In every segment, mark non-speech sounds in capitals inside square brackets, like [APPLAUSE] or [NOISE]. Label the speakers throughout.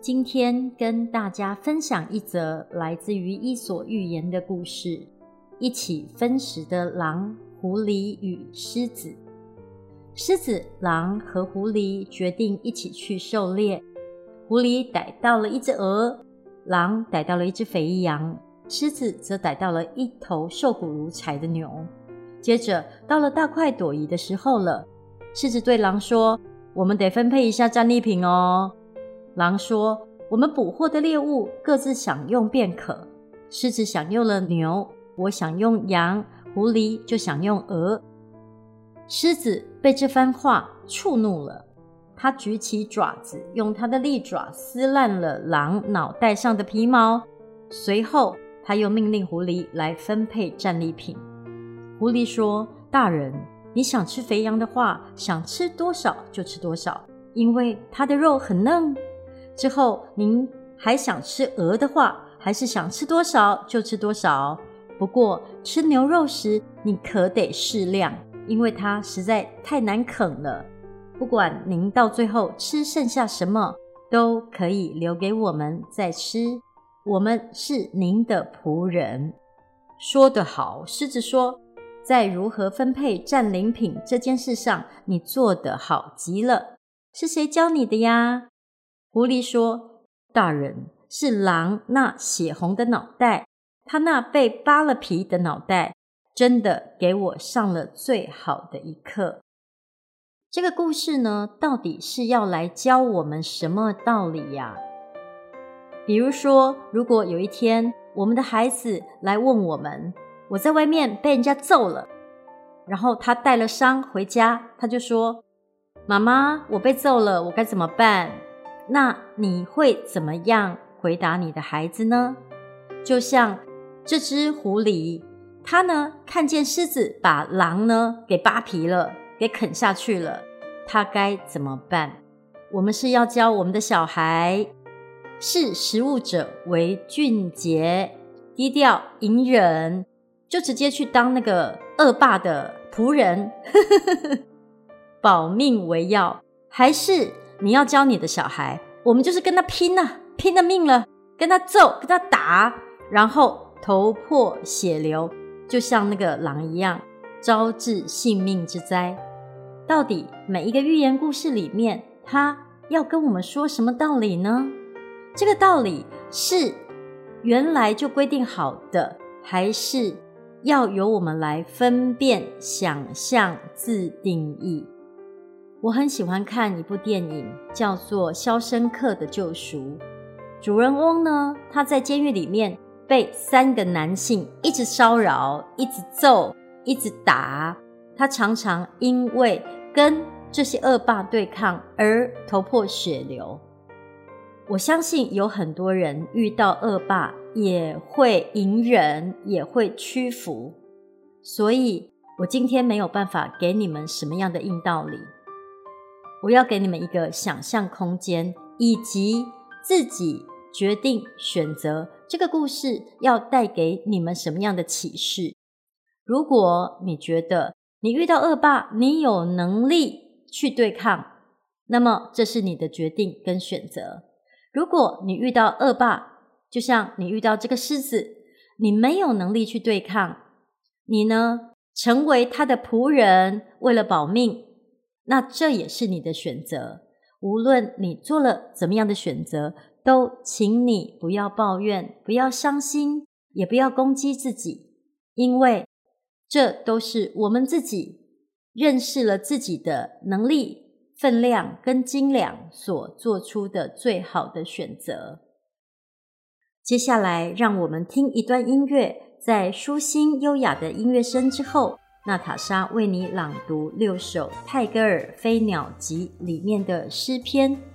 Speaker 1: 今天跟大家分享一則來自於《伊索寓言》的故事——一起分食的狼、狐狸與獅子。獅子、狼和狐狸決定一起去狩獵。狐狸逮到了一隻鵝，狼逮到了一隻肥羊，獅子則逮到了一頭瘦骨如柴的牛。接着到了大快朵頤的時候了，獅子對狼說：“我們得分配一下戰利品哦。”狼說：“我們捕獲的獵物各自享用便可。獅子享用了牛，我享用羊，狐狸就享用鵝。”獅子被這番話觸怒了，牠舉起爪子，用牠的利爪撕爛了狼腦袋上的皮毛。隨後，牠又命令狐狸來分配戰利品。狐狸說：“大人，你想吃肥羊的話，想吃多少就吃多少，因為它的肉很嫩。”之後，您還想吃鵝的話，還是想吃多少就吃多少。不過吃牛肉時，你可得適量，因為它實在太難啃了。不管您到最後吃剩下什麼，都可以留給我們再吃。我們是您的僕人。說得好，獅子說，在如何分配占領品這件事上，你做得好極了。是誰教你的呀？狐狸說：“大人是狼，那血紅的腦袋，他那被扒了皮的腦袋，真的給我上了最好的一課。”這個故事呢，到底是要來教我們什麼道理呀？比如說，如果有一天我們的孩子來問我們：“我在外面被人家揍了，然後他帶了傷回家，他就說：‘媽媽，我被揍了，我該怎麼辦？’”那你會怎麼樣回答你的孩子呢？就像這隻狐狸，它呢，看見獅子把狼呢給扒皮了，給啃下去了，它該怎麼辦？我們是要教我們的小孩，識時務者為俊傑，低調隱忍，就直接去當那個惡霸的僕人， [LAUGHS] 保命為要，還是？你要教你的小孩，我們就是跟他拼了啊，拼了命了，跟他揍，跟他打，然後頭破血流，就像那個狼一樣，招致性命之災。到底每一個寓言故事裡面，他要跟我們說什麼道理呢？這個道理是原來就規定好的，還是要由我們來分辨、想象、自定義？我很喜歡看一部電影，叫做《肖申克的救贖》。主人翁呢，他在監獄裡面被三個男性一直騷擾、一直揍、一直，一直打。他常常因為跟這些惡霸對抗而頭破血流。我相信有很多人遇到惡霸也會隱忍，也會屈服。所以，我今天沒有辦法給你們什麼樣的硬道理。我要給你們一個想象空間，以及自己決定選擇這個故事要帶給你們什麼樣的啟示。如果你覺得你遇到惡霸，你有能力去對抗，那麼這是你的決定跟選擇。如果你遇到惡霸，就像你遇到這個獅子，你沒有能力去對抗，你呢？成為他的僕人，為了保命。那這也是你的選擇。無論你做了怎麼樣的選擇，都請你不要抱怨，不要傷心，也不要攻擊自己，因為這都是我們自己認識了自己的能力分量跟斤兩所做出的最好的選擇。接下來，讓我們聽一段音樂，在舒心優雅的音樂聲之後。娜塔莎為你朗讀六首泰戈爾《飛鳥集》裡面的詩篇。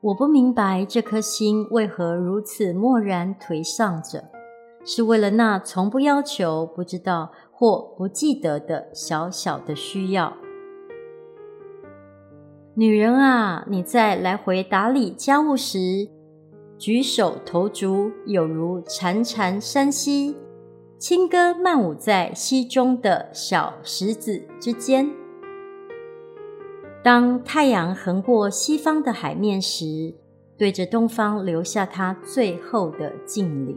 Speaker 1: 我不明白這顆心為何如此漠然頹喪着，是為了那從不要求、不知道或不記得的小小的需要。女人啊，你在來回打理家務時，舉手投足有如潺潺山溪，輕歌曼舞在溪中的小石子之間。當太陽橫過西方的海面時，對着東方留下它最後的敬禮。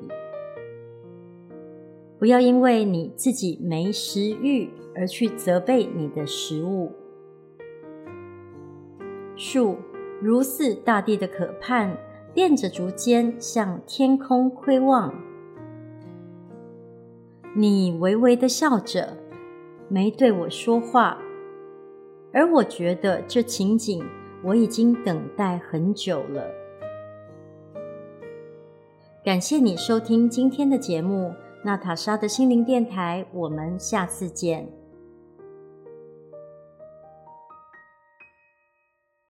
Speaker 1: 不要因為你自己沒食慾而去責備你的食物。樹如似大地的渴盼，墊着竹尖向天空窺望。你微微地笑着，沒對我說話。而我覺得這情景我已經等待很久了。感謝你收聽今天的節目《娜塔莎的心靈電台》，我們下次見。